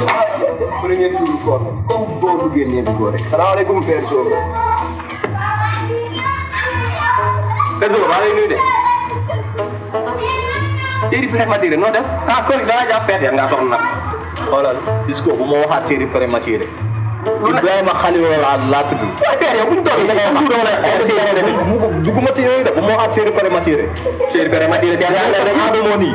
élection premier tour koor comme boo duggee nee bu rek salaamaaleykum Père Sow. Père Sow maa ngi lay nuyu de. série prématuré noo def ah kër gi dana jàpp perte nga soxla nag. xoolal discours bu ma waxaat série prématuré. Ibrahima Khalil laa laa tudd. waaye Père yow bu ñu toll nii. duguma ci yooyu de bu ma waxaat série prématuré. série prématuré. yaa ngi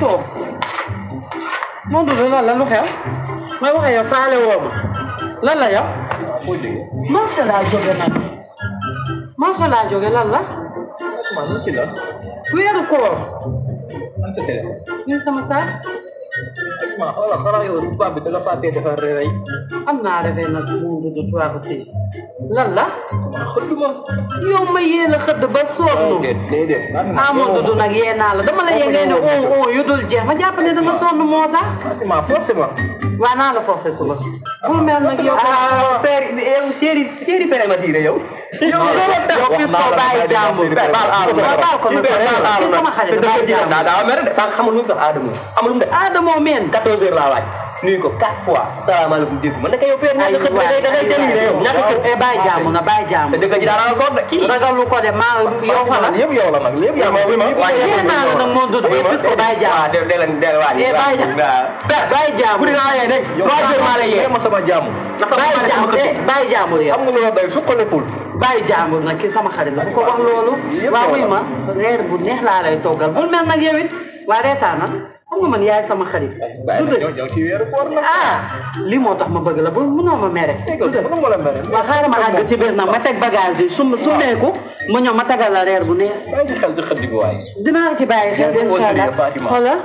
toog moom Doudou la lu xew may waxee yow faale woo ma lan la yow. marché laa jóge nag marché laa jóge lan la. man lu ci la. weeru koor. man sa téléphone. sama saa. effectivement xoolal xoolal yow tubaab bi da nga fàttee defar am naa réveil nag mu ngi tudd trois aussi lan la. a ma. yow ba sonn. déedéet amoo dudd nag yee naa la dama la yee ngay ne on on yu jeex ma jàpp ne dama moo tax. effectivement forcé ma. waaw naa la forcé suba. bul mel nag yow. ah père yow chéri chéri père ma la bàyyi jàmbur. sànq xamul lu mu def Adamo. amul lu mu def quatorze heures laa waaj nuyu ko quatre fois salaamaaleykum dégg ma naka yow père ñàkk xët da ngay da ngay délire yow ñàkk xët e bàyyi jaamu nga bàyyi jaamu te dëkk ji daa ragal góor de kii ragal lu ko de maa yow fa la yëpp yow la nag yëpp yow naa la nag moo dund parce que bàyyi jaamu de de leen de waaj e bàyyi jaamu bàyyi jaamu bu dinaa yee rek trois heures maa la yee ma sama jaamu eh, bàyyi jaamu de bàyyi jaamu yow xam nga loolu day suqalekul bàyyi jàmbur nag ki sama xarit la bu ko wax loolu waaw wuy ma reer bu neex laa lay toggal bul mel nag yow it waa reetaan na xam nga man yaay sama xarit. ah lii moo tax ma bëgg la ba mënoo ma mere. waaw xaaral ma àgg ci biir nag ma teg bagage yi su ma su meeku ma ñëw ma a la reer bu neex. dinaa ci bàyyi xel incha allah xoolal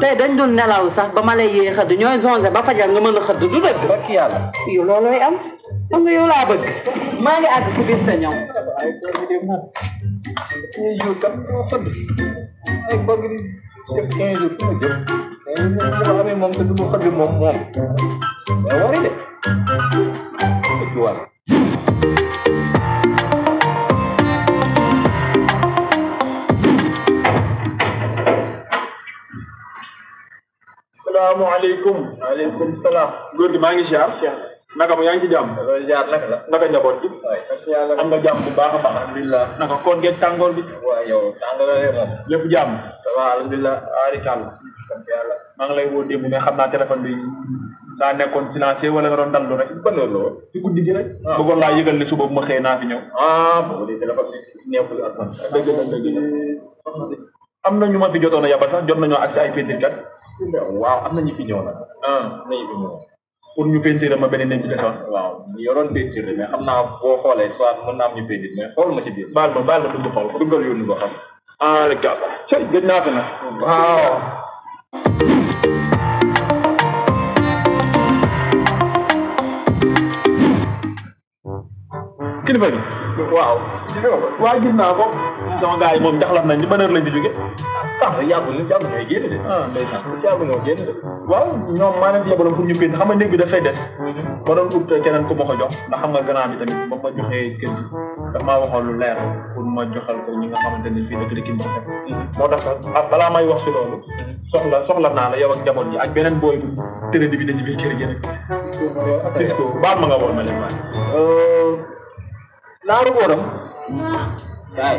tey ma lay yee xëdd ñooy ba fajar a xëdd du dëgg. yow loolooy am xam nga yow laa bëgg maa ngi àgg ci biir sa ñoom. ay Jepnya Jepnya Jep kami itu di mom siap naka mo yaa ci jàmm ziar naka la naka njaboot bi am nga jàmm bu baax a baax naka koon ngeen tàngoor bi waaw yow tàngoor moom lépp jàmm waaw alhamdulilah aarika allah sant yàlla maa ngi lay woo démb mais xam naa téléphone bi daa nekkoon silencieux wala nga doon dallu rek ba loolu la ci guddi gi rek ah. bëggoon laa yëgal ni suba bu ma xëyee naa fi ñëw ah boobu de téléphone bi neexul ak man ah, dëgg na dëgg na am na ñu ma fi jotoon a yabal sax jot nañoo ak si ay pétirkat waaw am na fi ñëw nag ah am na ñu fi ñëw pour ñu peinture ma beneen nekk desoon. waaw ñu yoroon peinture mais xam naa boo xoolee soit mën naa am ñu peinture mais xool ma ci biir. baal ma baal ma dugg xool duggal yónni boo xam. ஆளுக்காக சரி good நாட் ஆ Kini bagi? Wow. Why good nothing? sama gars yi moom nañ ci ban heure lañ ci jóge sax yàggul ni yàggul ngay génn de ndeysaan ci yàggul ngay génn de waaw ñoom maa leen yebaloon ñu pént xam nga néeg bi dafay des ma doon ut keneen ku ma jox ndax xam nga grand bi tamit ba ma joxee kër gi daf maa lu leer pour ma joxal ko ñi nga xamante ni fii dëkk dëkk ma ko moo may wax soxla soxla la yow ak ak bu bi ci biir kër gi rek disco ma nga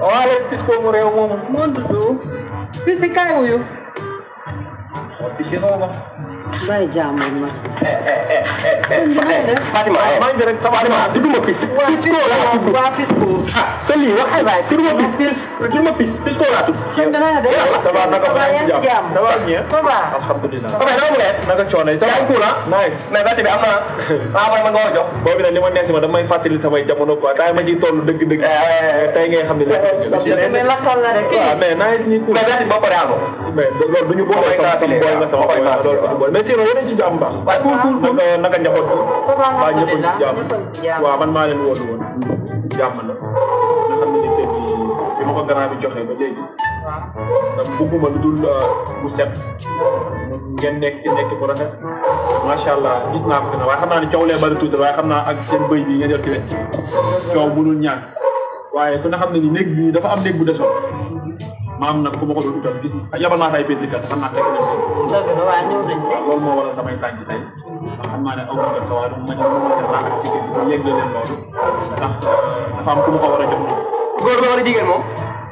Olha esse escomorão, mano. Mano, tu. Fica aí, Will. Pode pedir novo, bàyyi jàmbur ma. Fatima eh, maa ngi rek Fatima ah, tudduma pis. Pisco laa tudd waaw Pisco. ah sa lii wax ay waay tudduma pis. tudduma pis Pisco laa tudd. sëñ bi na nga def eh, ça va naka maa ngi ci jàmm ça va bien ça va. alhamdulilah ok dama mu nekk. naka coono yi ça va cool ah. nice mais bàtt bi am na ah man ma nga war a jox. boobu nag li ma nekk si ma damay fàttali samay jamono quoi tay ma ciy toll dëgg dëgg. Eh, tey ngay xam ne léegi. mais lakkal na rek. waaw mais nice ñu cool. mais bàtt bi ba pare amoo. mais loolu du ñu boole sama boy nga sama boy ah, mais sinon yéen a ci jàmm baax. waaw waaw naka naka njaboot ko. waaw ñëpp ci jàmm waaw man maa leen wóolu woon jàmm na. nga xam ne ni tey ba léegi. waaw ndax bëgguma lu bu euh, set. ngeen nekk ci bu rafet. macha allah gis naa ko na waaye xam naa ne coow lee bari tuuti waaye xam naa ak seen bëy bi ngeen yor ci wet. coow mënul ñàkk. waaye ku ne xam ne ni néeg bi dafa am néeg bu desoon. maam nag ku ma ko doon utal gis ah, yabal naa fay bindikat xam naa fekk nañ ko. dëgg la waaw ñëw nañ ko. waaw loolu moo waral samay tànk tey. xam naa ne aw ma jot sa waaye du ma jot ma jot naa ak sikki bi yëg leen loolu. ndax dafa am ku ma ko war a jot moom. góor bi wala jigéen moom.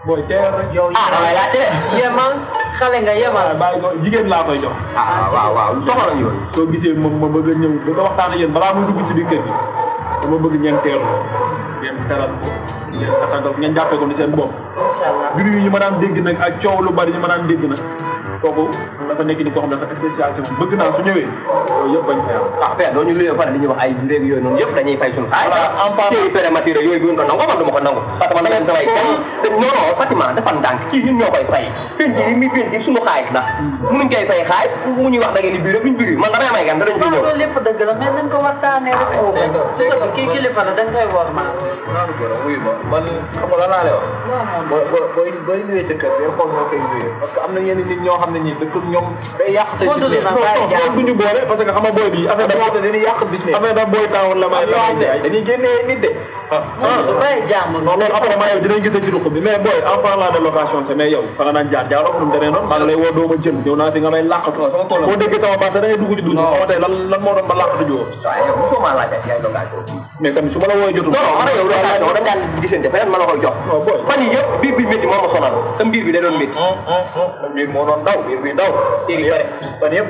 booy teel rek yow. ah damay laajte yemal xale nga yemal. Ah, bàyyi ko jigéen laa koy jox. ah, ah waaw waaw soxla ñu woon. soo gisee moom ma bëgg a ñëw bëgg a waxtaan ak yéen balaa muy dugg si biir kër gi dama bëgg ñeenteel ngeen teral ko ngeen taxagal ngeen jàppee ko ni seen bopp. incha allah mbir yi ñu mën a am dégg nag ak coow lu bari ñu mën a am dégg nag. kooku dafa nekk ni koo xam ne dafa spécial ci moom bëgg naa su ñëwee yooyu yëpp bañ fay am. waaw père doo ñu luyoo fan li ñuy wax ay ndéeg yooyu noonu yëpp dañuy fay suñu xaalis. voilà en part yooyu prématuré yooyu bu ñu ko nangu man du ma ko nangu. parce que man damay samay gan te non non Fatima dafa ndànk kii ñun ñoo koy fay penc yi mi penc yi suñu xaalis la hmm. munuñ koy fay xaalis mu ñuy wax da ngeen di biir buñ biir man damay may gan danañ fi ñëw loolu lépp dëgg la mais nañ ko waxtaanee rek moo gën su ko kii kilifa la dañ koy war ma naan goro wuy ma man xam nga lan laa lay wax booy booy nuyee sa kër day xool moo koy nuyee parce que am na ñenn nit ñoo xam xam ne nii dëkkul ñoom. day yàq sa business duñu boole parce que xam nga booy bi affaire da dañuy yàq business. affaire da booy taawul la may dañuy génnee nit de. ah bay ah. jàmm non loolu après maa yow dinañ gisee ci ruq bi mais booy en parlant de location c'est mais yow fa nga naan jaar jaaroo nu mu demee noonu maa ngi lay woo doo ma jël ñëw naa fi nga may làqatu boo déggee sama baat da ngay dugg ci dugg xam tey lan lan moo doon ba làqatu ji woon mais tamit su ma la wooyee jotul non man yow location dañ daan gisante feneen ma la koy jox fan yi yëpp biir bi métti moo ma sonal sa mbiir bi da doon métti mm, mm, mm. mbiir moo doon daw we, we know. Anyway, but if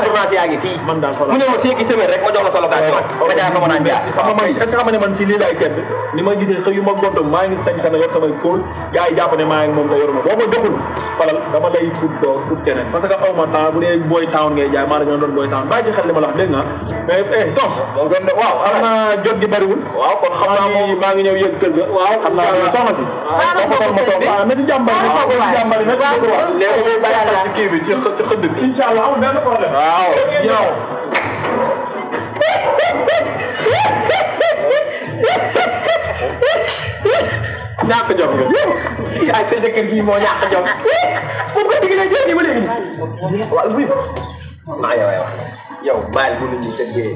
mu ne ma fii ak semaine la solo gaa ma jaay fa ma man est-ce que ne man ci lii laay tedd ni ma gisee xëy yu ma gontoog maa ngi sañ sana yor samay kóol gars yi jàpp ne maa ngi moom te yoruma boo ma joxul falal dama lay ut doo ut keneen parce que aw ma boy town ngay jaay maa la gën a boy town bàyyi ci xel la wax dégg nga mais eh tos waaw kër gi bariwul. waaw kon xam naa moom maa ngi ñëw yëg kër ga. waaw xam naa ne soxna si. waaw soxna si ma toog ah na ci jàmbale. waaw waaw waaw jàmbale na ci dëkk waaw. léegi ñu bàyyi la ci kii bi ci xë ci xëdd bi. incha allah amul benn problème. waaw yow. ñàkk jom nga. ay sa jëkkër gi moo ñàkk jom. pour que digg na jëndi ba léegi. waaw oui. maa yow yow. yow bàyyil bu nit ñi tëggee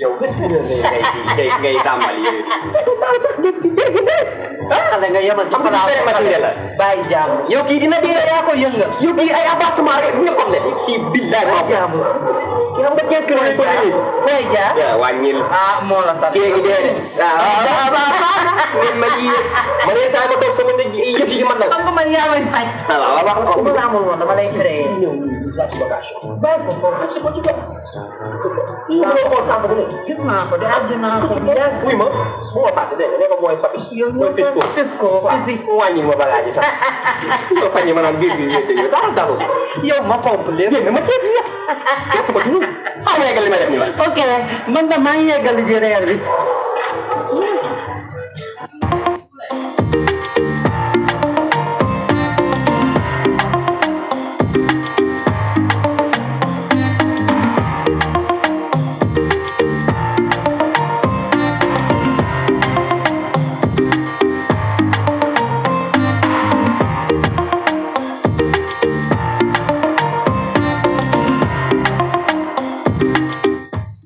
yow nga ngay ngay ngay tàmbal yooyu. xale ah, nga yemal ci plan la bàyyi jaamu. yow kii dina dina yaa ko yëngal. yow kii ay appartement rek bu ñu ko ne. kii billaay maa yow nga jékki woon politique. Boy Dia wàññil. ah moo la sax kii dee de. waaw waaw ma ji ma ne saa ma toog sama nit yi yëf yi ma nag. xam nga man yaa may faj. waaw waaw waaw. bu ma amul woon dama lay créé. ñëw bàyyi ko foofu ci ko ci ko. gis naa ko de àddina ko yàgg. wuy ma bu ma fàtte de ne ko mooy papi. yow ñoo ko fisco fisco wàññil ma balaa ji sax. ma fañi maanaam biir bi yéete yow dara dara. yow ma pompe lépp. ma ceeb yow. हाँ okay बंदा मैं ये जी